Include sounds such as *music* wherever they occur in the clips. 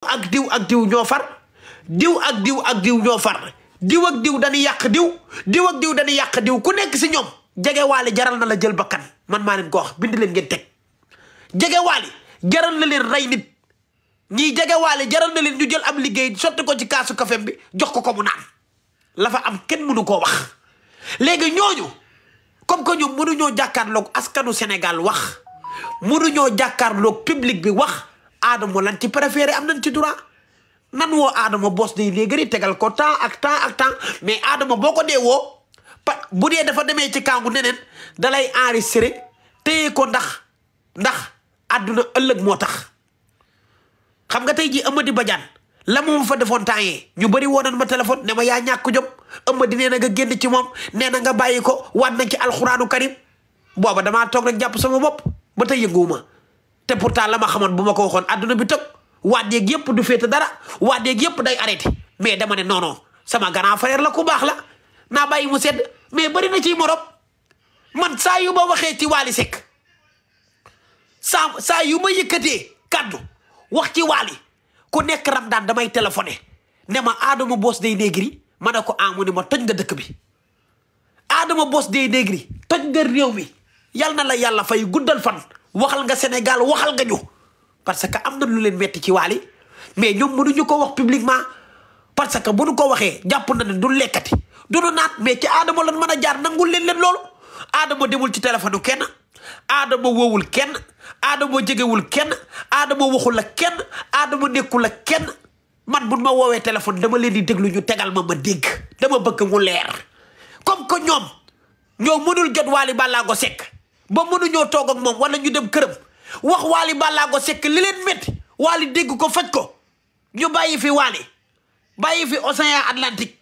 ak diw ak diw ño far diw ak diw ak diw ño far diw ak diw dañ yak diw diw ak diw dañ yak diw ku nek ci ñom jégué waali jaral na la jël bakkan man ma leen ko wax bind leen ngeen tek jégué waali jaral na leen ray nit ñi jégué waali jaral na leen ñu jël am liggéey sotti ko ci kaasu café bi jox ko ko mu naan la fa am kenn mënu ko wax légui ñooñu comme que ñoom jakkar lok askanu Sénégal wax jakkar lok public bi wax aadama lan ci préféré am nañ ci droit nan woo aadama bos day léegari tegal ko temps ak temps ak temps mais aadama boo ko dee woo pa bu dee dafa demee ci kàngu neneen dalay enregistré téye ko ndax ndax àdduna ëllëg moo tax xam nga tey ji Amady Badiane la moom fa defoon temps yee ñu bëri woonan ma téléphone ne ma yaa ñàkk jom Amady nee na nga génn ci moom nee na nga bàyyi ko waat na ci alxuraanu karim booba damaa toog rek jàpp sama bopp ba tey yënguwuma te pourtant la ma xaman bu ma ko waxoon adduna bi tëb waadeeg yëpp du féete dara waadeeg yëpp day arrêté mais dama ne non non sama grand frère la ku baax la naa bàyyi mu sedd mais bari na ci morom man saa yu ma waxee ci Wally Seck saa saa yu ma yëkkatee kaddu wax ci Wally ku nekk Ramadan damay téléphoné ne ma Adama bos Dey Negri ma ne ko amu ah ne ma toj nga dëkk bi Adama Boss Dey Negri toj nga réew mi yal na la yàlla fay guddal fan waxal nga senegal waxal nga ñu parce que am lu leen metti ci wali mais mënu ñu ko wax publiquement parce que bu nu ko waxee japp na ne du lekkati du do nat mais ci adamo lan mëna jaar nangul leen leen lool adamo demul ci téléphone kenn adamo wowul kenn aadama jegewul kenn adamo waxul la kenn adamo nekkul la kenn man bu ma téléphone dama leen di déglu ñu tegal ma ma dégg dama bëgg mu leer comme que ñom ñoo mënul jot ba mënuñoo toog ak moom wala ñu dem këram wax waali bàllaago sekk li leen métti waali dégg ko faj ko ñu bàyyi fi waali bàyyi fi océan atlantique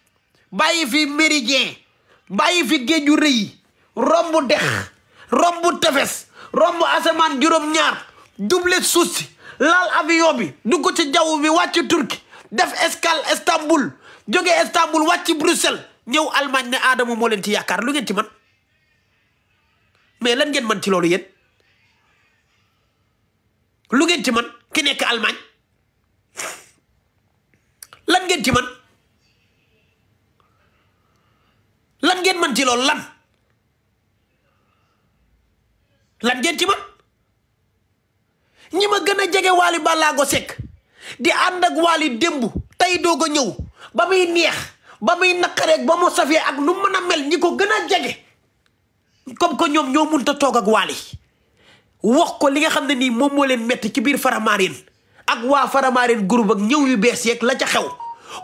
bàyyi fi méridien bàyyi fi géeju rëy romb dex romb tefes romb asamaan juróom-ñaar duble suuf si laal avion bi ko ci jaww bi wàcc turki def escale Istanbul jóge Istanbul wàcc Bruxelles ñëw Allemagne ne Adama moo leen ci yaakaar lu ngeen ci man mais lan ngeen man ci loolu yéen lu ngeen ci man ki nekk Allemagne lan ngeen ci man lan ngeen man ci lan lan ngeen ci man ñi ma gën a jege Wally Ballago Seck di ànd ak Wally démb tey doog a ñëw ba muy neex ba muy naqareeg ba mu safee ak nu mën a mel ñi ko gën a jege comme que ñoom ñoo mënut a toog ak Wally wax ko li nga xam ne nii moom moo leen métti ci biir Faramareen ak waa Faramareen group ak ñëw yu bees yeeg la ca xew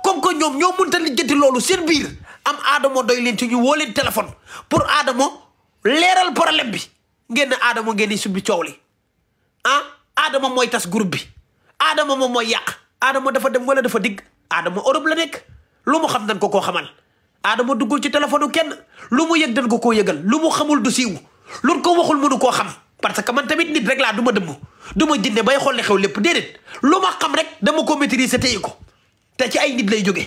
comme que ñoom ñoo mënut a lijjanti loolu seen biir am Adamo doy leen ci ñu woo leen téléphone pour Adamo leeral problème bi ngeen ne Adamo ngeen di subbi coow li ah Adamo mooy tas groupe bi Adamo moom mooy yàq Adamo dafa dem wala dafa digg Adamo Europe la nekk lu mu xam nañ ko koo xamal. Adama duggul ci téléphone kenn lu mu yëg dan ko koo yëgal lu mu xamul du siiw lu ko waxul mënu koo xam parce que man tamit nit rek laa duma ma dëmm du ma jinne bay xool xew lépp déedéet lu ma xam rek dama ko maîtriser téye ko te ci ay nit lay jóge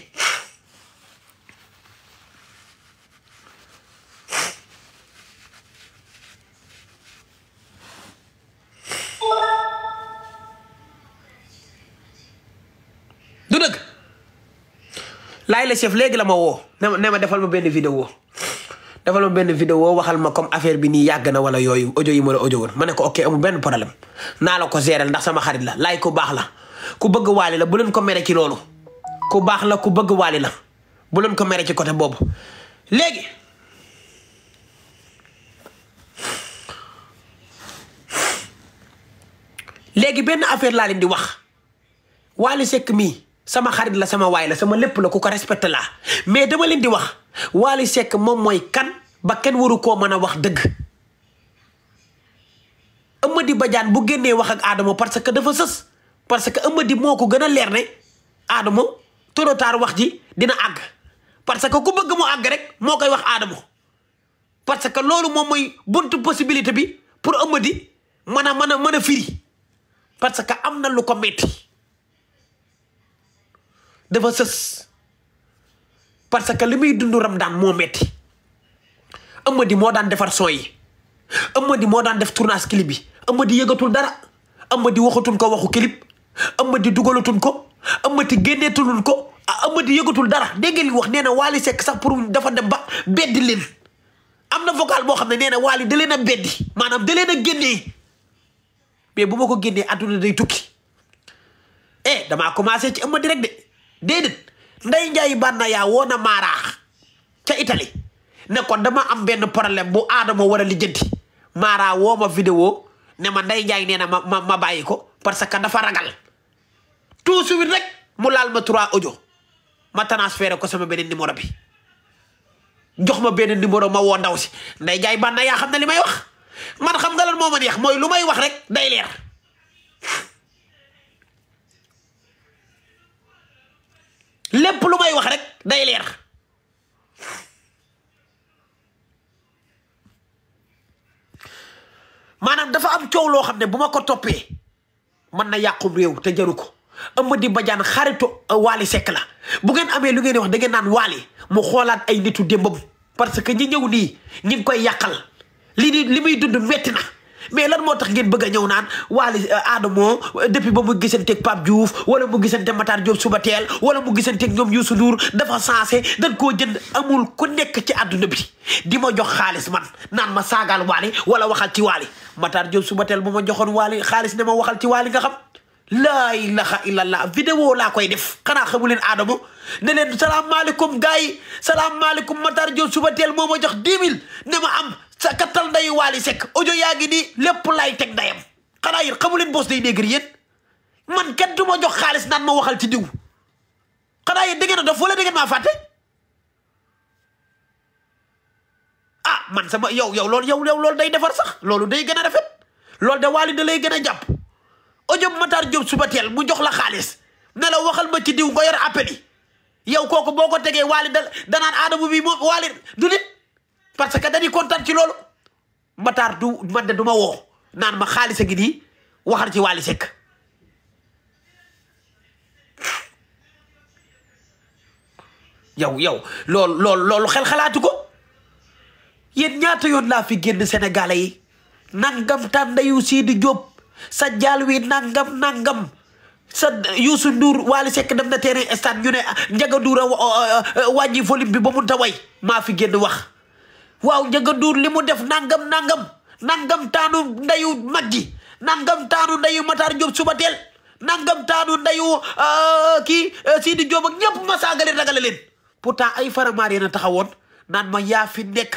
Layla Chef léegi la ma woo ne ma ne ma defal ma benn vidéo defal ma benn vidéo waxal ma comme affaire bi nii yàgg na wala yooyu audio yi ma la audio woon ma ne ko ok amul benn problème naa la ko gérer ndax sama xarit la laay ku baax la ku bëgg waali la bu leen ko mere ci loolu ku baax la ku bëgg waali la bu leen ko mere ci côté boobu léegi léegi benn affaire laa leen di wax Wally Seck mii sama xarit la sama way la sama lepp la kuko respect la mais dama len di wax wali sek mom moy kan ba ken waru ko meuna wax deug euma di badian bu genee wax ak Adamo parce que dafa seus parce que euma di moko gëna leer ne Adamo toro tar wax ji dina ag parce que ku bëgg mu ag rek mo koy wax Adamo parce que lolu mom moy buntu possibilité bi pour euma di meuna meuna meuna firi parce que loko meti. lu ko metti dafa sës parce que li muy dund Ramadan moo metti Amady moo daan defar son yi Amady moo daan def tournage clip bi Amady yëgatul dara Amady waxatul ko waxu clip Amady dugalatuñ ko Amady génneetulul ko ah, Amady yëgatul dara dégg ngeen li wax nee na Wally Seck sax pour dafa dem ba beddi leen am na vocal boo xam ne nee na Wally da leen a beddi maanaam da leen a génnee mais bu ma ko génnee àdduna day tukki eh damaa commencé ci Amady rek de déedéet nday njaay bànna yaa woon a maaraax ca Italie ne dama am benn problème bu aadama war a lijjanti maaraa woo ma vidéo ne ma nday njaay nee na ma ma bàyyi ko parce que dafa ragal tout suite rek mu laal ma trois ojo ma transféré ko sama beneen numéro bi jox ma benn numéro ma woo ndaw si nday njaay bànna yaa xam na li may wax man xam nga lan moo ma neex mooy lu may wax rek day leer lépp lu may wax rek day leer maanaam dafa am coow loo xam ne bu ma ko toppee mën na yàqum réew te jaru ko Amady Badiane xaritu euh, Waly Seck la bu ngeen amee lu ngeen wax da ngeen naan Waly mu xoolaat ay nitu démbam parce que ñi ñëw nii ñi ngi koy yàqal li ni li muy dund metti mais lan moo tax ngeen bëgg a ñëw naan Wally euh, Adamo euh, depuis ba mu gisanteeg Pape Diouf wala mu gisante Matar Diop suba teel wala mu gisanteeg ñoom Youssou Ndour dafa sensé dañ koo jën amul ku nekk ci àdduna bi di ma jox xaalis man naan ma saagaal Wally wala waxal ci Wally Matar Diop suba teel bu ma joxoon Wally xaalis ne ma waxal ci Wally nga xam laa ilaha illallah vidéo laa koy def xanaa xamu leen Adamo ne leen salaamaaleykum gars yi salaamaaleykum Matar Diop suba teel moo ma jox 10 000 ne ma am sa katal day wali sek audio yaa di lepp lay tek dayam xana yir xamul leen boos day néegr yéen man kenn du jox xaalis nan ma waxal ci diw xanaa yéen da ah man sama yow yow lol yow yow loolu day defar sax lolou day gëna rafet lol de wali de lay gën a ojo Matar Diop suba teel mu jox la xaalis nala waxal ma ci diw nga yor appel yi yow koku boko tege wali da danaan bi mo wali dulit parce que dañuy contane ci loolu mataar du man de duma wo nan ma khalisa gi di waxar ci wali sek yow yow lol lol lol xel xalaatu yeen ñaata yoon la fi genn sénégalais yi nangam tàndayu Sidi job sa jall wi nangam nangam sa Youssou Ndour wali sek dem na terrain stade ñu ne Ndiaga dura a volume bi ba mun ta fi genn wax waaw njëga duur li mu def nangam nangam nangam taanu ndayu mag gi nangam taanu ndayu Matar Diop suba teel nangam taanu ndayu euh, kii euh, Sidi Diop ak ñëpp ma saagale ragale leen pourtant ay faramaar yéen a taxawoon naan ma yaa fi nekk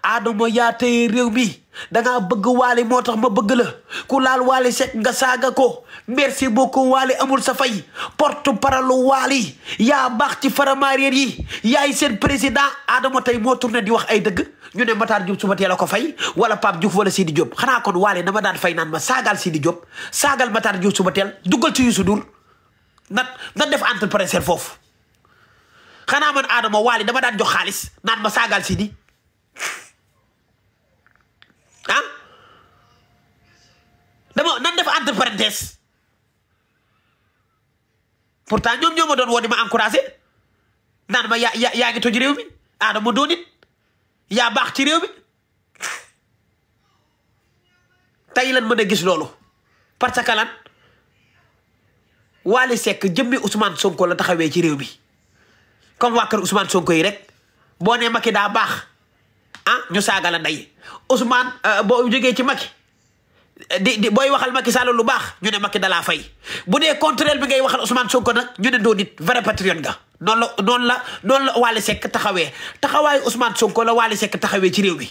Adama yaa tey réew mi dangaa bëgg waale moo tax ma bëgg la ku laal waale sekk nga saaga ko merci ko waali amul sa fay porte parole waali yaa baax ci faramaaréer yi yaay seen président Adama tey moo tourné di wax ay dëgg ñu ne Matar Diouf suba teel a ko fay wala Pape Diouf wala Sidi Diop xanaa kon waale dama ma daan fay naan ma saagaal Sidi Diop saagal Matar Diouf suba teel duggal ci Youssou Ndour nat nat def entrepreneur foofu xanaa man Adama waali dama daan jox xaalis naan ma saagaal Sidi dama nan def entre parenthèse pourtant ñoom ñoo ma doon woo ma encouragé naan ma yaa yaa réew mi Adama doon yaa baax ci réew mi tey lan mën a gis loolu parce que lan Wally Seck jëmmi Ousmane Sonko la taxawee ci réew mi comme waa kër Ousmane Sonko yi rek boo ne maki daa baax ah ñu saaga la ndey Ousmane euh, boo jógee ci Macky di di booy waxal Macky Sall lu baax ñu ne Macky dalaa fay bu dee contraire bi ngay waxal Ousmane ko nag ñu ne doo nit vrai patriote nga noonu la noonu la la Wally Seck taxawee taxawaayu Ousmane Sonko la Wally Seck taxawee ci réew mi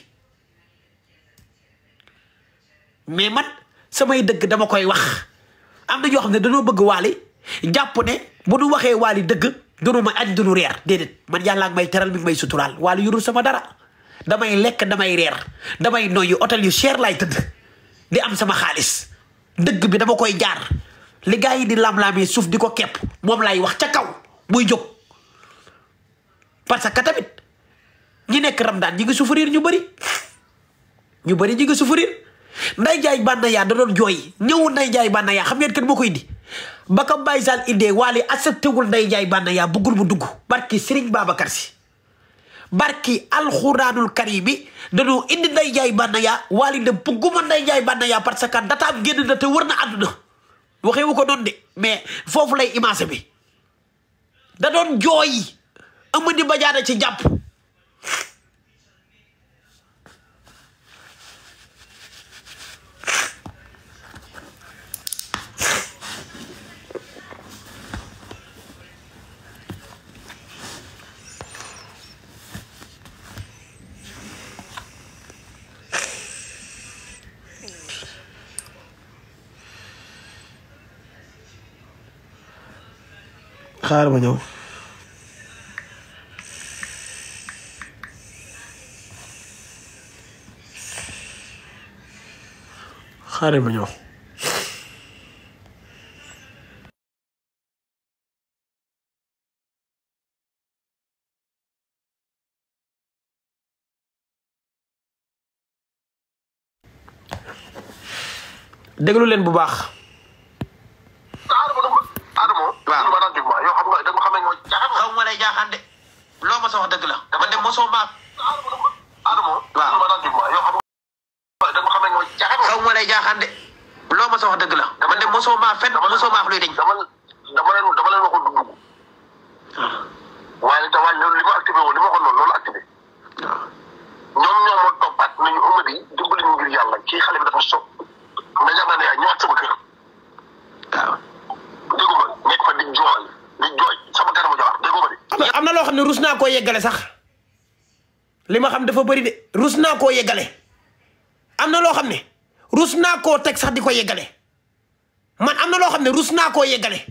mais man samay dëgg dama koy wax am na ñoo xam ne dañoo bëgg Wally jàpp ne bu nu waxee Wally dëgg dunu ma añ dunu reer déedéet man yàlla may teral mi may suturaal Wally yurul sama dara damay lekk damay reer damay noyyi hôtel yu cher laay tëdd di am sama xaalis dëgg bi dama koy jaar li gars yi di lam-laamee suuf di ko kepp moom laay wax ca kaw muy jóg parce que tamit ñi nekk ramdaan ñi ngi souffrir ñu bëri ñu bëri ñi ngi souffrir nday jaay bànna yaa da doon jooy ñëwul nday jaay bànna yaa xam ngeen kenn moo koy di ba ko Baye Sall indee waale accepté wul nday jaay bànna yaa buggul mu dugg barki Serigne Babacar Sy barki alxuraanul karim bi dañoo indi nday jaay bànnaya waali ne bugguma nday jaay bànnaya parce que dataam génn na te wër na àdduna waxewu ko doon de mais foofu lay image bi da doon jooy Amady Badiane ci jàpp xaar ma ñëw xaar ma ñëw déglu leen bu baax mos a dëgg la dama ne mosoo maa. Adamo. waaw ma daan jubluwaay yoo xam nga dama xam ne ñoo jaaxal. xaw ma lay jaaxaan de loo mos a dëgg la dama ne mosoo maa fen mosoo maa luy deñ. dama dama leen dama leen waxoon dugg. Ah. waaye li tax waaye loolu li ma activé woon li ma waxoon noonu loolu ah. ñoom ñoo ma toppaat nañu Amady ñu ngir yàlla ci xale bi dafa sopp mais yaakaar naa ne yaa ñëwaat sama kër. waaw ah. dégg nga nekk fa di jooy di jooy. am na loo xam ne rus naa koo yeggale sax lima xam dafa bëri de rus naa koo yeggale am na loo xam ne rus naa koo teg sax di ko yeggale man am na loo xam ne rus naa koo yeggale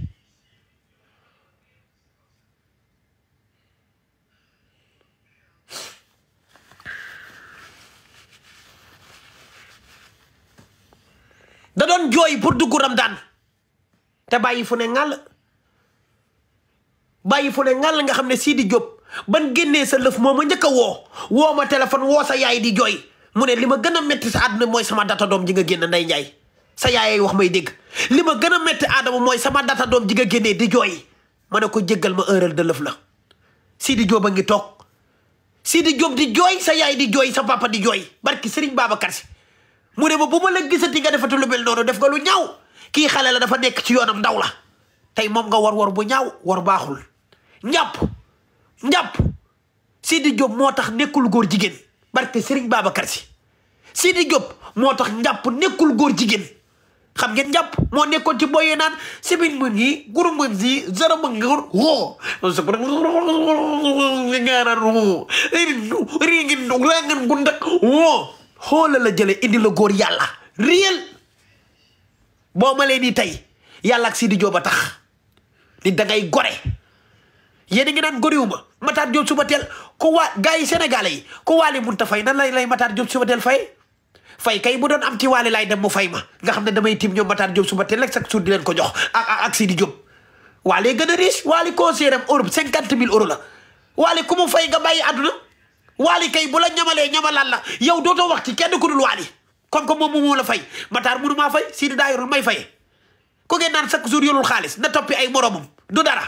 da doon jooy pour dugg Ramadaan te bàyyi fu ne bàyyi fu ne ngal nga xam ne sii di Diop ban génnee sa lëf moom ma njëkk a woo woo ma téléphone woo sa yaay di jooy mu ne li ma gën a métti sa àdduna mooy sama data doom ji nga génn nday njaay sa yaay wax may dégg li ma gën a métti aadama mooy sama data doom ji nga génnee di jooy ma ne ko jéggal ma erreur de lëf la Sidi Diop a ngi toog Sidi Diop di jooy sa yaay di jooy sa papa di jooy barki Serigne baaba Si mu ne ma bu ma la gisati nga defati lu mel noonu def nga lu ñaaw kii xale la dafa nekk ci yoonam ndaw la tey moom nga war war bu ñaaw war baaxul ñap ñap sidi job motax nekul gor jigen barke serigne babakar si sidi job motax ñap nekul gor jigen xam ngeen ñap mo nekkon ci boye nan sibin mun yi guru mun yi zara mun gor ho ngara ru ringi ndug langan gunda ho xola la jele indi la gor yalla riel bo ma leni tay yalla ak sidi joba tax ni dagay goré yéen a ngi naan goriwuma Matar Diop suba teel ku waa gaa yi sénégalais yi ko waale waali ta fay nan lay lay Matar Diop suba fay fay kay bu doon am ci laay dem mu fay ma nga xam ne damay tim ñoom Matar Diop suba teel rek chaque jour di leen ko jox ak ak Sidi Diop waale gën a riche waale ko am Europe cinquante mille euros la waale ku mu fay nga bàyyi àdduna waale kay bu la ñamalee ñamalaat la yow dootoo wax ci kenn ku dul waale comme que moom moo la fay Matar mënu maa fay Sidi daa yorul may fay ku ngeen naan chaque jour yorul xaalis na toppi ay moromam du dara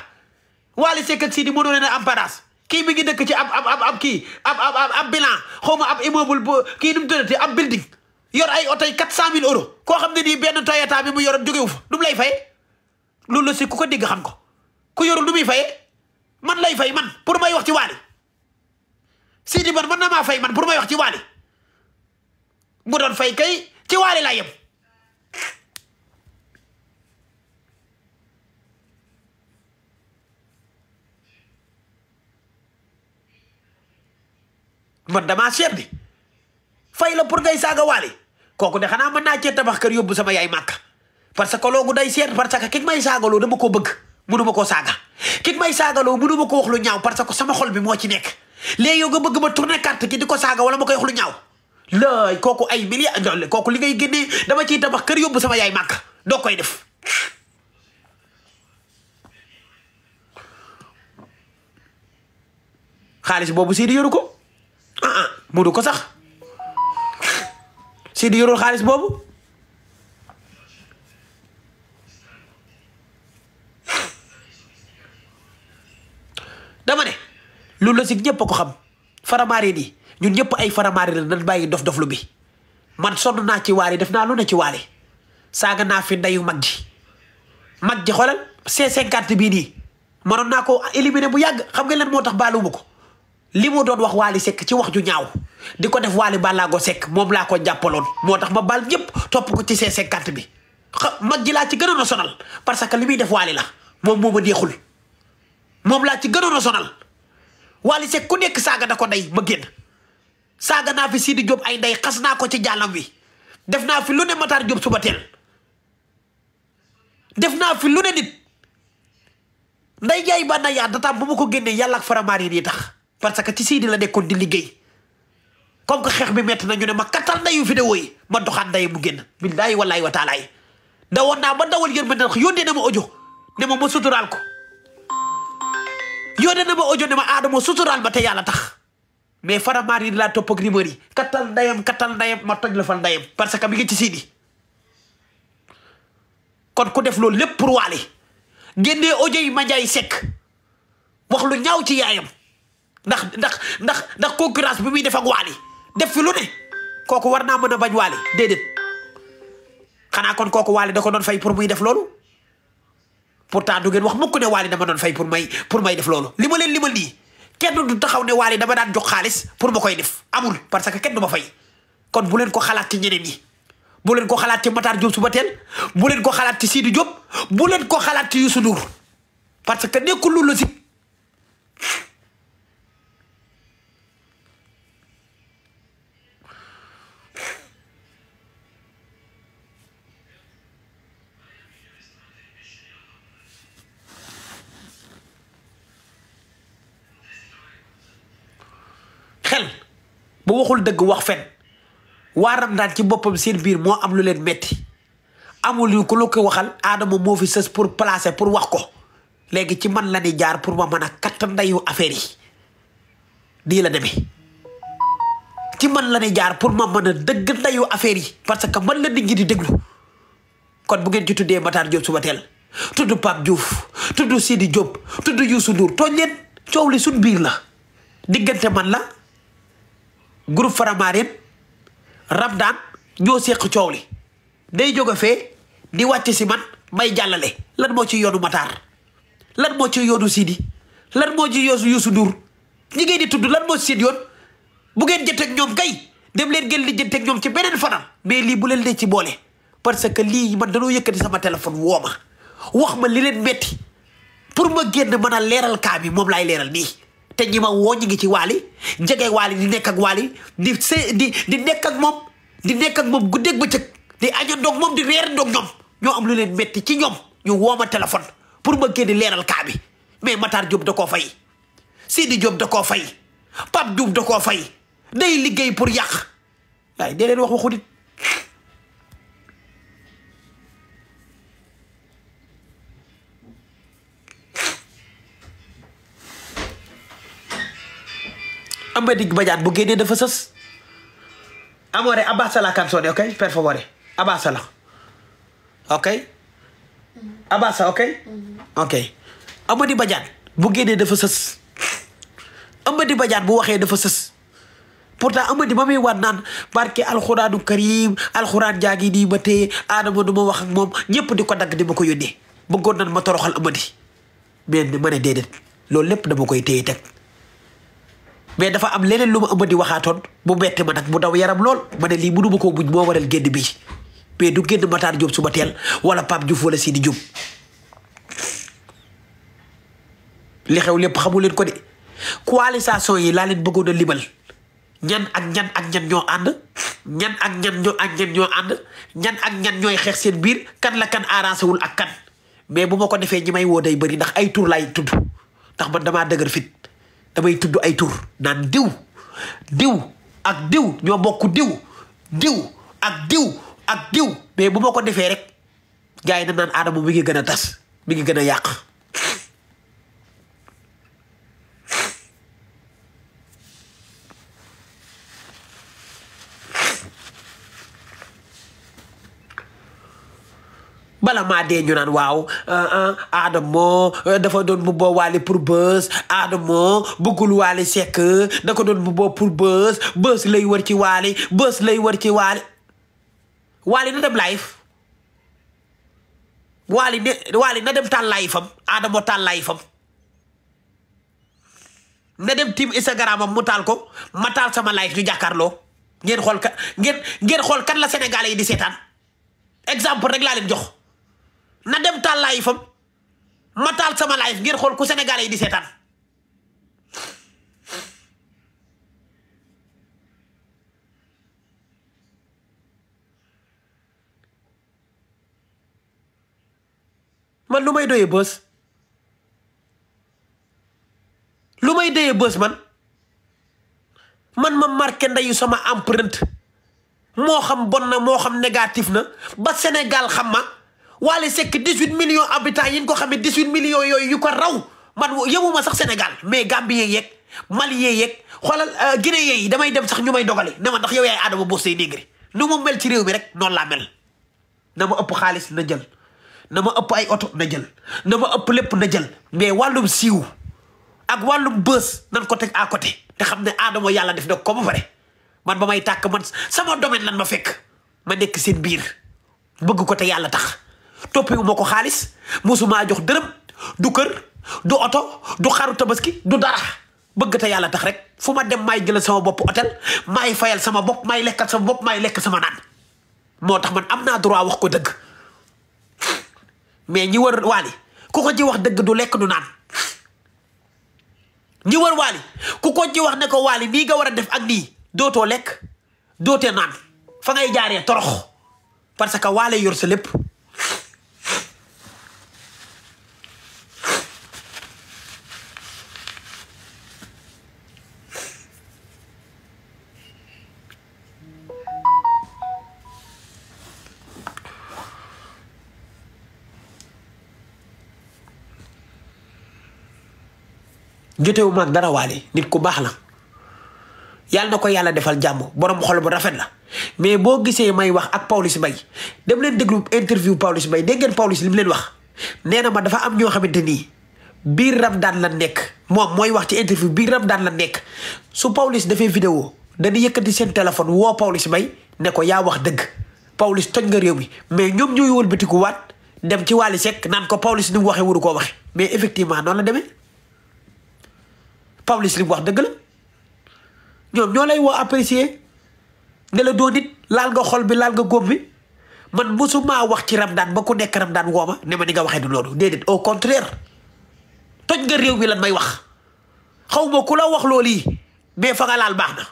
Wally Seck ak Sidi mënoo leen a am palaas kii mi ngi dëkk ci ab ab ab kii ab ab ab bilan xaw ma ab immeuble bu kii nu mu tuddati ab building yor ay oto yi quatre cent mille euros koo xam ne nii benn Toyota bi mu yoroon jógewu fa du mu lay fay loolu la si ku ko digg xam ko ku yorul du muy fay man lay fay man pour may wax ci Wally Sidi man mën na maa fay man pour may wax ci Wally mu doon fay kay ci Wally laa yem. man dama cher di fay la pour ngay saga walé koku de xana man na ci tabax kër yobbu sama yaay makka parce que logu day cher parce que kik may lo dama ko bëgg mënuma koo saga kik may lo mënuma ko wax lu ñaaw parce que sama xol bi mo ci nekk lé yow nga bëgg ma tourner carte gitu ki diko saga wala ma koy wax lu ñaaw laay koku ay milliard koku li ngay dama ci tabax kër yobbu sama yaay makka do koy def khalis bobu sii yoruko mu ko sax si di xaalis boobu dama ne lu la si ñëpp a xam faramaareen yi ñun ñëpp ay faramaari la nan bàyyi dof doflu bi man sonn naa ci waale def naa lu ne ci waale saaga naa fi ndeyu mag ji mag ji xoolal C50 bii nii mënoon naa ko éliminer bu yàgg xam nga leen moo tax baaluwuma ko li mu doon wax Waly sekk ci wax ju ñaaw di ko def Waly Ballago sekk moom laa ko jàppaloon moo tax ma baal ñëpp topp ko ci ses cinquante bi xa mag ji laa ci gënoon a sonal parce que li muy def Waly la moom moo ma neexul moom laa ci gënoon a sonal Waly Seck ku nekk saaga na ko day ma génn saaga naa fi Sidi Diop ay ndey xas naa ko ci jàllam wi def naa fi lu ne Matar Diop suba teel def naa fi lu ne nit ndey jaay bànna yaa dataam bu ma ko génnee yàlla ak faramaari yi tax parce que ci sidi la nekkon di liggey comme ko xex bi metti ñu ne ma katal dayu vidéo yi ma doxat day mu genn billahi wallahi wa ta'ala da wonna ba dawal yeen tax yonde na ma audio ne ma ma sutural ko yonde na ma audio ne ma adamo sutural ba te yalla tax mais fara mari la top ak yi katal ndayam katal ndayam ma toj la fal ndayam parce que mi ngi ci sidi kon ku def lool lepp pour walé audio yi ma jay sek wax lu ñaaw ci yaayam ndax ndax ndax ndax concurrence bi muy def ak wali def fi lu ne koku warna meuna bañ wali dedet xana kon koku wali, da ko don fay pour muy def lolu pourtant du gene wax mukk ne wali dama don fay pour may pour may def lolu lima len lima li du taxaw ne wali dama dan jox pour def amul parce que kenn duma fay kon bu len ko xalat ci ñeneen yi bu len ko xalat ci Matar Diop suba teel bu len ko xalat ci sidou bu len ko xalat ci yusudur parce que nekul lu logique bu waxul dëgg wax fen waa Ramadaan ci boppam seen biir moo am lu leen metti amul yu ku lu ko waxal aadama moo fi sës pour placer pour wax ko léegi ci man la ni jaar pour ma mën a katt ndeyu affaire yi nii la demee ci man la ni jaar pour ma mën a dëgg ndeyu affaire yi parce que man la nit di déglu kon bu ngeen ci tuddee Matar Diop suba teel tudd Pape Diouf tudd Sidi Diop tudd Youssou Ndour tooñ leen coow li suñ biir la diggante man la groupe Faramareen rab daan ñoo seq coow li day a fee di wàcc si man may jàllale lan moo ci yoonu Matar lan moo ci yoonu Sidi lan moo ci yoonu Youssou Ndour ñi ngeen di tudd lan moo ci seen yoon bu ngeen jënteeg ñoom kay dem leen gën li jënteeg ñoom ci beneen fanam mais lii bu leen leen ci boole parce que lii man dañoo yëkkati sama téléphone woo ma wax ma li leen metti pour ma génn mën a leeral kaa bi moom laay leeral nii te ñi ma woo ñu ngi ci waali jege waali di nekk ak waali di se di di nekk ak moom di nekk ak moom guddeeg bëccëg di aña ndoog moom di reer ndoog ñoom ñoo am lu leen metti ci ñoom ñu woo ma téléphone pour ma génne leeral kaa bi mais Matar Diop da koo fay Sidi Diop da koo fay Pape Diop da koo fay day liggéey pour yàq waaye dee leen wax waxu nit di bajat bu gene dafa sës amore kan kan okay per favore abasala ok abasa okay amba di oke? bu gene dafa amba di bajat bu waxee dafa sës pourtant amadi ma muy waat naan barke alxuraanu karim al Qur'an ngi di ma téye aadama wax ak mom ñepp di ko ke di ma ko yónnee bëggoon nan ma toroxal amadi mais ma mané déedéet loolu lepp dama koy tek mais dafa am leneen lu ma ëmma di waxaatoon bu metti ma nag mu daw yaram lool ma ne lii mënuma koo buñ moo waral génn bii mais du génn Matar Diop suba teel wala Pape Diouf wala Sidi Diop li xew lépp xamu leen ko de coalition yi laa leen bëggoon a limal ñan ak ñan ak ñan ñoo ànd ñan ak ñan ñoo ak ñan ànd ñan ak ñan ñooy xeex seen biir kan la kan arrangé wul ak kan mais bu ma ko defee ñi may woo day bëri ndax ay tur laay tudd ndax man damaa dëgër fit damay tudd ay tur naan diw diw ak diw ñoo bokk diw diw ak diw ak diw mais bu ma ko defee rek gars yi dañ naan aadama mi ngi gën a tas mi ngi gën a yàq bala maa dee ñu naan waaw euh, euh, Adamo euh, dafa doon mu boo pour bës Adamo bëggul waale sekk da ko doon mu pour bës bës lay wër ci waale bës lay wër ci waale waale na dem live waali ne na dem tàllaay fam Adamo tàllaay fam na dem tim Instagram am mu taal ko ma taal sama live ñu jàkkaarloo ngeen xool ka ngeen xool kan la Sénégalais yi di seetaan exemple rek laa leen jox na dem taal live am ma taal sama live ngir xool ku sénégalais yi di seetaan man lu may doyee bës lu may doyee bës man man ma marqué ndeyu sama empreinte moo xam bon na moo xam négatif na ba senegal xam ma waale Seck 18 millions habitants yi ñu ko xamee 18 millions yooyu yu ko raw man yemuma sax Sénégal mais Gambien yeeg Malien yeeg xoolal euh, Guinée yi damay dem sax ñu may dogale ne ma ndax yow yaay Adama Bosey Negri nu mu mel ci réew rek noonu laa na ma ëpp xaalis na jël na ma ëpp ay oto na jël na ëpp lépp na jël mais wàllum siiw ak wàllum bës nan ko à côté te xam ne Adama yàlla def na ko ba pare man ba may tàkk man sama domaine lan ma fekk ma nekk seen biir bëgg ko yàlla tax. toppiwu ma ko xaalis mosumaa jox dërëm du kër du oto du xaru tabaski du dara bëgg te yàlla tax rek fu ma dem maay jëlal sama bopp hôtel maay fayal sama bopp maay lekkat sama bopp maay lekk sama naan moo tax man am naa droit wax ko dëgg mais ñi wër waali ku ko ci wax dëgg du lekk du naan ñi wër waali ku ko ci ne ko waali mii nga war a def ak nii dootoo lekk dootee naan fa ngay jaaree torox parce que waale yor sa lépp jotewu maag dara waale nit ku baax la yàlla na ko yàlla defal jàmm borom xol bu rafet la mais boo gisee may wax ak Pawlish Mbaye dem leen déglu interview Pawlish may dégg ngeen li mu leen wax nee na ma dafa am ñoo xamante nii biir Ramadan la nekk moom mooy wax ci interview biir Ramadan la nekk su Pawlish dafee vidéo dañu yëkkati seen téléphone woo Pawlish Mbaye ne ko yaa wax dëgg Pawlish toj nga réew mi mais ñoom ñooy wëlbatiku waat dem ci Wally naan ko Pawlish ni mu waxee waru koo waxe mais effectivement noonu la demee Pawlish li mu wax dëgg la ñoom ñoo lay woo apprécier ne la doo laal nga xol bi laal nga góob bi man mosuma wax ci Ramadane ba ku nekk Ramadane woo ma ne ma ni nga waxee du noonu déedéet au contraire toj nga réew mi lan may wax xaw ku la wax loolu yi mais fa laal baax na.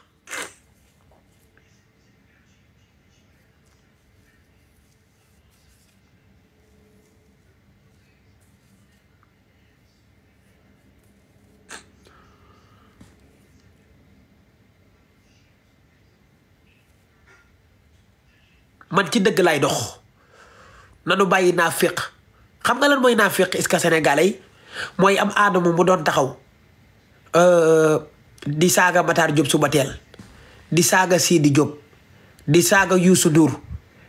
man ci deug lay dox nanu bàyyi nafiq, xam nga lan moy nafiq est sénégalais moy am aadama mu don taxaw euh, di saga Matar job suba disaga di saga Sidi job di saga Youssou Ndour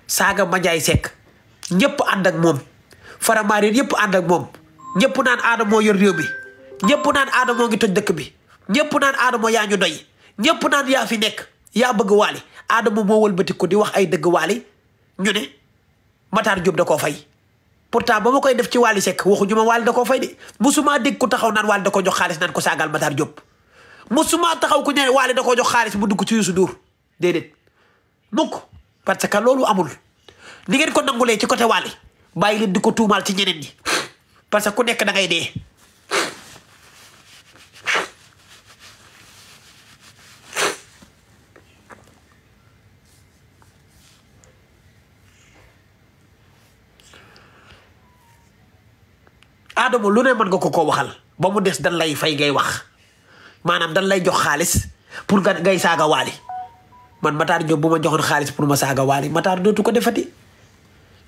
saaga Mandiaye Seck ñëpp ànd ak moom faramaareen ñepp and ak mom ñepp naan mo yor rew bi ñepp naan mo ngi tej dekk bi ñepp naan adam mo yañu doy ñepp naan ya fi nek ya bëgg adam mo ko di wax ay dëgg ñu ne mataar Diop da koo fay pour pourtant ba ma koy def ci sekk Seck waxuñu ma Wally da koo fay de musuma dégg ku taxaw naan Wally da ko jox xaalis naan ko saagal Matar Diop musuma taxaw ku ne Wally da koo jox xaalis mu dugg ci Youssou Ndour déedéet mukk parce que loolu amul ni ngeen ko nangulee ci côté Wally bàyyi leen di ko tuumaal ci ñeneen ñi parce que ku nekk da dee. aadama lu ne mën nga ko koo waxal ba mu des dan lay fay ngay wax maanaam dan lay jox xaalis pour nga ngay saaga waali man Matar Diop bu ma joxoon xaalis pour ma saaga waali Matar dootu ko defati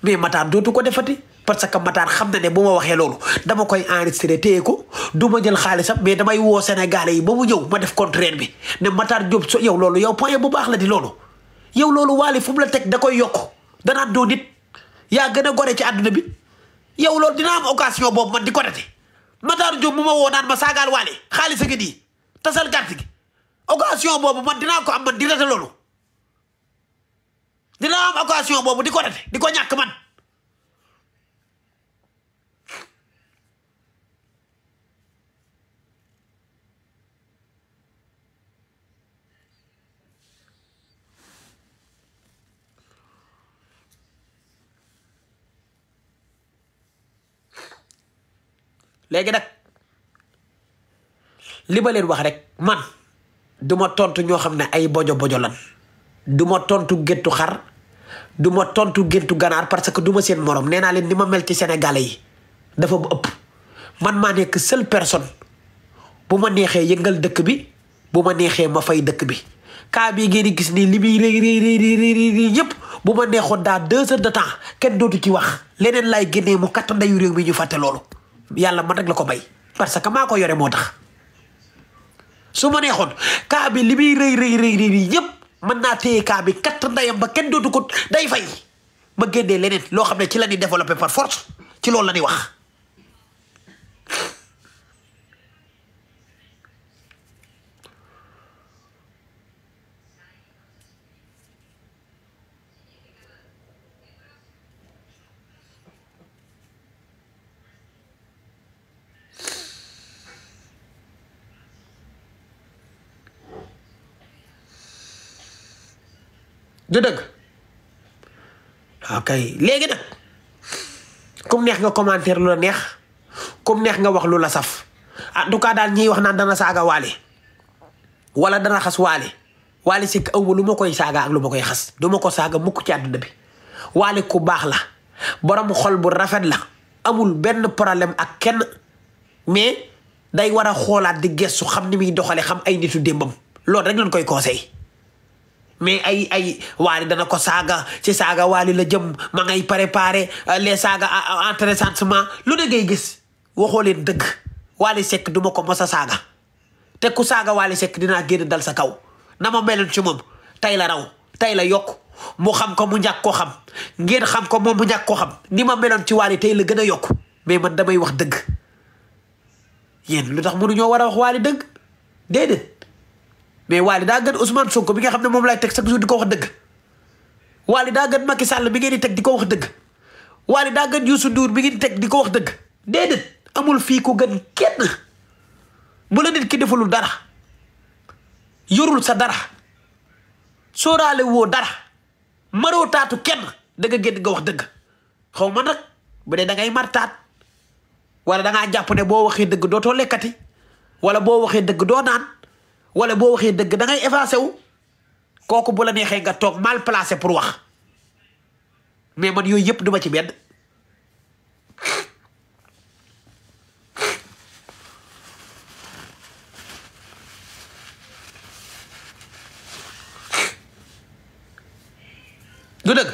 mais Matar dootu ko defati parce que Matar xam na ne bu ma waxee loolu dama koy enregistré téye ko du ma jël xaalisam mais damay woo Sénégalais yi ba mu ñëw ma def contraire bi ne Matar Diop so yow loolu yow point bu baax la di loolu yow loolu waali fu la teg da koy yokk danaan doo yaa gën a gore ci àdduna bi yow loolu dinaa am occasion boobu man di ko date Matar Diop mu ma woo naan ma saagaal waale xaalis a ngi nii tasal carte gi boobu man dinaa ko am man dina date loolu dinaa am occasion boobu di ko date di ko ñàkk man léegi nag li ma leen wax rek man duma ma tontu ñoo xam ne ay bojo bojo lan du ma tontu géttu xar duma tontu géttu ganaar parce que du seen morom nee naa leen ni ma mel ci sénégalais yi dafa bu ëpp man maa nekk seule personne bu ma neexee yëngal dëkk bi bu ma neexee ma fay dëkk bi kaa bi ngeen di gis nii li muy rëy rëy rëy rëy yëpp bu ma neexoon daa deux heures de temps kenn dootu ci wax leneen laay génnee mu kattan réew mi ñu fàtte loolu yàlla man rek la ko bay parce que maa ko yore moo tax su ma neexoon kaa bi li muy rëy rëy rëy rëy yëpp mën naa téye kaa bi katt ndayam ba kenn dootu ko day fay ba génnee leneen loo xam ne ci la ñuy développé par force ci loolu la ñuy wax du dëgg ok léegi nag comme neex nga commentaire lu la neex comme neex nga wax lu la saf en tout cas daal ñiy wax naan dana saaga waale wala dana xas waale waale si aw ma lu ma koy saaga ak lu ma koy xas du ma ko saaga mukk ci àdduna bi waale ku baax la borom xol bu rafet la amul benn problème ak kenn mais day war a xoolaat di gestu xam ni muy doxale xam ay nitu démbam loolu rek lañ koy conseil mais ay ay waali dana ko saaga ci saaga waali la jëm ma ngay préparé euh, les saaga entrecensement lu ne ngay gis waxoo leen dëgg waali sekk du ma ko mos a saaga te ku saaga waali sekk dinaa génn dal sa kaw na ma meloon ci moom tey la raw tey la yokk mu xam ko mu ñàkk koo xam ngeen xam ko moom mu ñàkk koo xam ni ma meloon ci waali tey la gën a yokk mais man damay wax dëgg yéen lu tax mënuñoo war a wax waali dëgg déedéet mais Waly daa gën Ousmane Sonko bi nga xam ne moom laay teg chaque jour di ko wax dëgg Waly daa gën Macky Sall bi ngeen di teg di ko wax dëgg Waly daa gën Youssou bi ngeen teg di ko wax dëgg déedéet amul fii ku gën kenn bu nit ki defalul dara yorul sa dara sóoraale woo dara maroo taatu kenn da nga génn wax dëgg xaw ma nag bu dee da ngay mar taat wala da ngaa jàpp ne boo waxee dëgg dootoo lekkati wala boo waxee dëgg doo naan wala boo waxee dëgg dangay ngay effacé wu kooku bu la neexee nga toog mal placé pour wax mais man yooyu yëpp duma ci benn du dëgg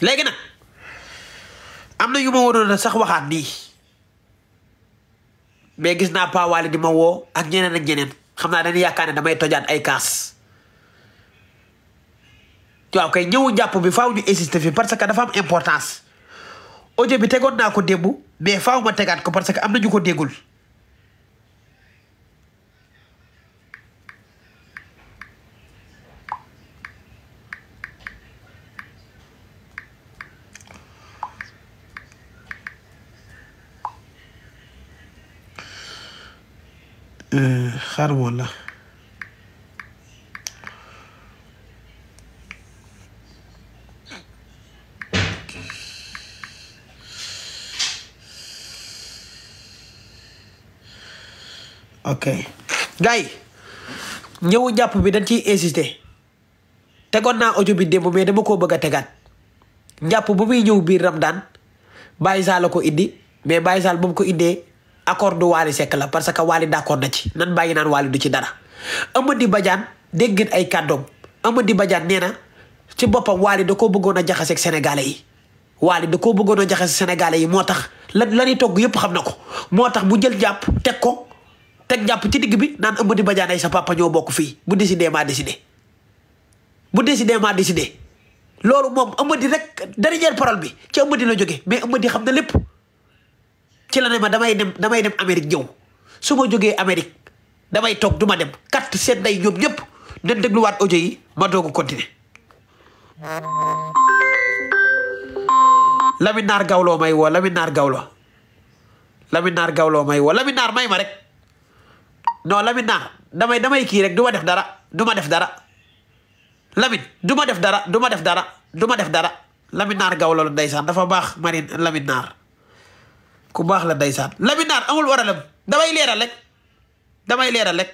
léegi nag am na yu ma waroon a sax waxaat nii mais gis naa Paa di ma woo ak ñeneen ak jeneen xam naa dañuy yaakaar ne damay tojaan ay kaas waaw kay ñëwu jàpp bi faaw ñu insister fi parce que dafa am importance audio bi tegoon naa ko démb mais faaw ma tegaat ko parce que am na ñu ko déggul. xaar la ok gars yi ñëwu jàpp bi dañ ciy insister tegoon naa audio bi démb mais dama ko bëgg a tegaat njàpp bu muy ñëw biir Ramadan Baye Sall ko indi mais Baye Sall bu ko indee accord du wali sek la parce que wali d'accord na ci nan bayi nan wali du ci dara Amady Badiane dégg ngeen ay kàddoom Amady Badiane nee na ci bopam wali da ko beugona a ak Sénégalais yi wali da ko beugona a jaxase Sénégalais yi motax tax togg yep xam na ko moo jël japp tek ko tek japp ci digg bi naan Amady badian ay sa papa ñoo bokk fi bu décidé ma décidé bu décidé ma décidé loolu moom rek dernier parole bi ci Amady la joggé mais Amady xam na ci la ne damay dem damay dem Amérique ñëw su ma jógee Amérique damay toog du ma dem kat seen day ñoom ñëpp nañ dégluwaat audio yi ma doog a continuer. Laminaar Gawlo may woo Laminaar Gawlo Laminaar Gawlo may woo Laminaar may ma rek non Laminaar damay damay kii rek du def dara duma def dara Lamine du ma def dara du def dara du ma def dara Laminaar Gawlo la ndeysaan dafa baax Marine Laminaar. ku baax la ndeysaan laminaar amul waralam damay leeral rek damay leeral rek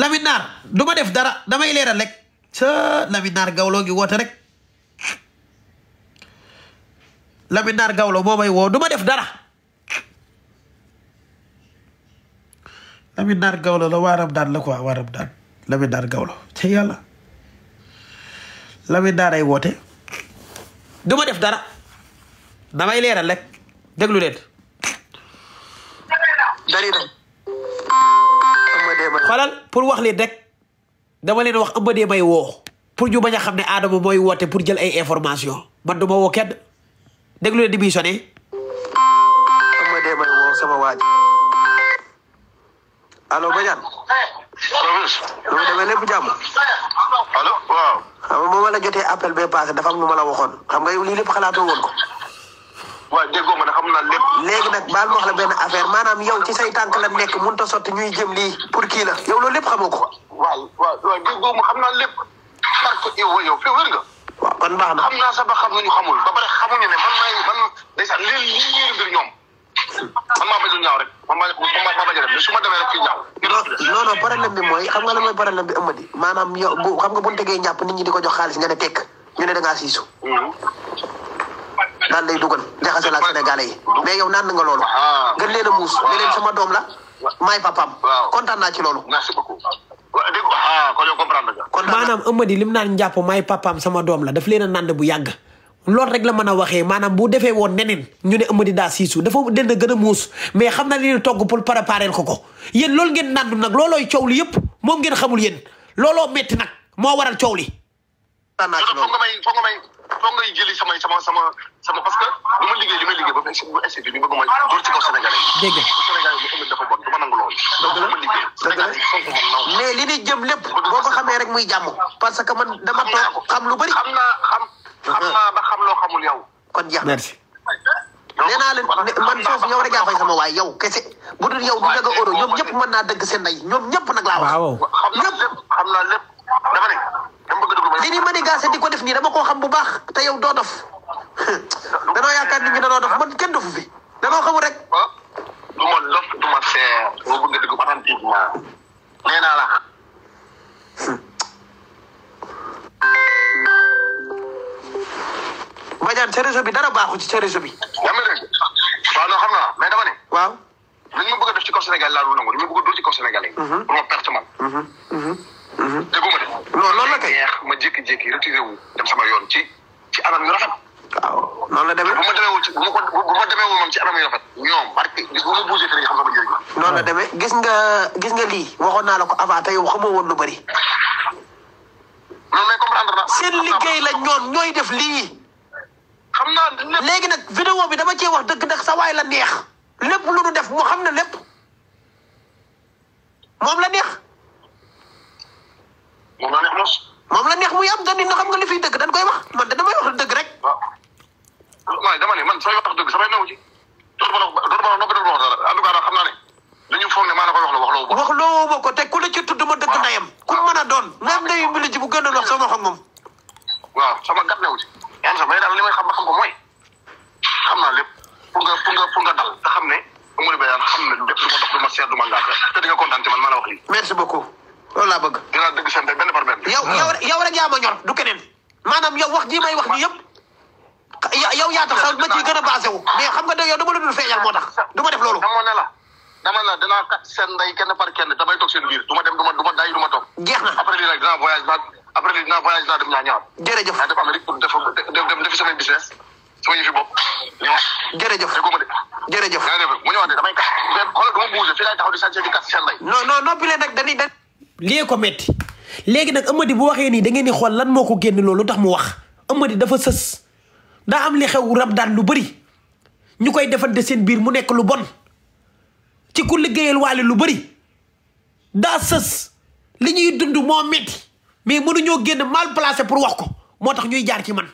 laminaar du ma def dara damay leeral lekk sa laminaar gawloo gi woote rek laminaar gawlo moo may woo du ma def dara laminaar gawlo la waaram daan la quoi waaram daan laminaar gawlo te yàlla la muy daaray woote. du ma def dara damay leeral rek déglu leen. xoolal pour wax leen rek dama leen wax ëmb dee may woo pour ñu bañ xam ne Adama mooy woote pour jël ay information man du ma woo kenn déglu leen di muy sonné. ëmb dee sama waa ji Papis. loolu dama lépp jàmm. allo waaw. xam nga jotee appel bee passé dafa lu ma la waxoon xam nga yow lii lépp xalaatoo woon ko. waaw déggoo ma ne xam lépp. léegi nag baal wax la benn affaire maanaam yow ci say tànk la nekk mënut a sotti ñuy jëm lii pour kii la yow loolu lépp xamoo ko. waaw waaw waaw déggoo lépp. parce que baax na. xam naa sax ba xam nañu xamul ba pare xamuñu ne man maa man man maa bañ a ñaaw non non problème bi xam nga problème bi bu xam hmm. kan, ah. ah, nga bu ñu tegee nit ñi di jox xaalis nga ne tekk ñu ne da ngaa siisu. daal lay dugal jaxase la Sénégalais yi mais yow naan nga loolu. nga leen a leen sama doom la maay papaam. kontaan naa ci merci beaucoup. lim sama doom la daf leen nand bu loolu rek la mën a waxee maanaam bu defee woon neneen ñu ne Amady daa siisu dafa den a gën a muus mais xam na li ñu togg pour préparer ko ko yéen loolu ngeen nandu nag loolooy coow li yëpp moom ngeen xamul yéen looloo metti nag moo waral coow li. foog ngay jëli sama sama sama sama parce que lu ma liggéey li may mais li ni jëm lépp boo ko xamee rek muy jàmm. parce que man dama toog xam lu bëri. xam naa kon jeex merci nee naa leen man foofu yow rek a fay sama waay yow kese bu dul yow du dëgg euro ñoom ñëpp mën naa dëgg seen ndey ñoom ñëpp nag laa wax. waaw ñëpp xam naa lépp dama ne dama bëgg dugg li ni ma ne gaase di ko def nii dama koo xam bu baax te yow doo dof *laughs* danoo yaakaar nit ñi danoo dof man kenn dofu fi danoo xamul rek. Ah, ma dof du ma seer ma bëgg dugg attentivement nee naa la *laughs* Badiane sa réseau bi dara baaxu ci sa réseau bi. waaw non xam nga mais dama ne. waaw li ñu bëgg ci kaw Sénégal laa dul nangu li a dóor ci ma mhm. perte man. Mhm. Mhm. dégguma de. non loolu la kay neex ma jékki-jékki retiré wu dem sama yoon ci ci anam yu rafet. waaw noonu la demee wu ci bu ma ko bu ma demee wu que gis bu ma bougé fii xam sama gis nga gis nga lii waxoon naa la ko avant tey xamoo woon lu bëri. non mais comprendre naa. seen liggéey la ñoom ñooy def lii. xam naa léegi nag vidéo bi dama cee wax dëgg dëgg sa waay la neex lépp lu nu def mu xam ne lépp moom la neex. moom la neex mos. moom la neex muy am dañ na xam nga li fiy dëgg dañ koy wax man de damay wax dëgg rek. waaw dama ne man sooy wax dëgg samay newu ci dootuma dootuma dootuma dootuma wax dara en tout cas daal xam naa ne dañu foog ne maa la koy wax la waxloo ko. waxloo ma ko te ku la ci tudd ma dëgg ndeyam. waaw ku mën a doon. waaw même ndeyu mbili ji bu gën a lox sama xam moom. waaw sama gat newu ci. yaa ngi sax mais daal li may xam ba xam ko mooy xam naa lépp pour nga ne Amadou Ba yaa xam ne merci beaucoup loolu laa bëgg. dinaa rek yaa ma du keneen maanaam yow wax may wax ji yëpp yow yaa tax sax ma a basé wu xam nga yow la dul feeñal moo tax du ma def loolu. la dama ne la danaa kat seen ndey kenn par kenn damay toog seen biir du ma ma du ma day du ma toog. jeex na après lii nag dinaa voyage ba après li dinaa voyage laa dem ñaa ñëwaat. jërëjëf dafa am rek pour def dem jërëjëf dégg nga de. jërëjëf damay kat xoolal dama bougé fii laay taxaw di sànq di kat nag dañuy dañ. lii ko metti léegi nag Amady bu waxee nii da ngeen di xool lan moo ko génn loolu tax mu wax Amady dafa sës daa am li xew rab daan lu bëri ñu koy defante seen biir mu nekk lu bon ci ku liggéeyal waale lu bari daa sës li ñuy dund moo métti mais mënuñoo génn mal placé pour wax ko moo tax ñuy jaar ci man